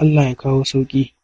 Allah ya kawo sauƙi.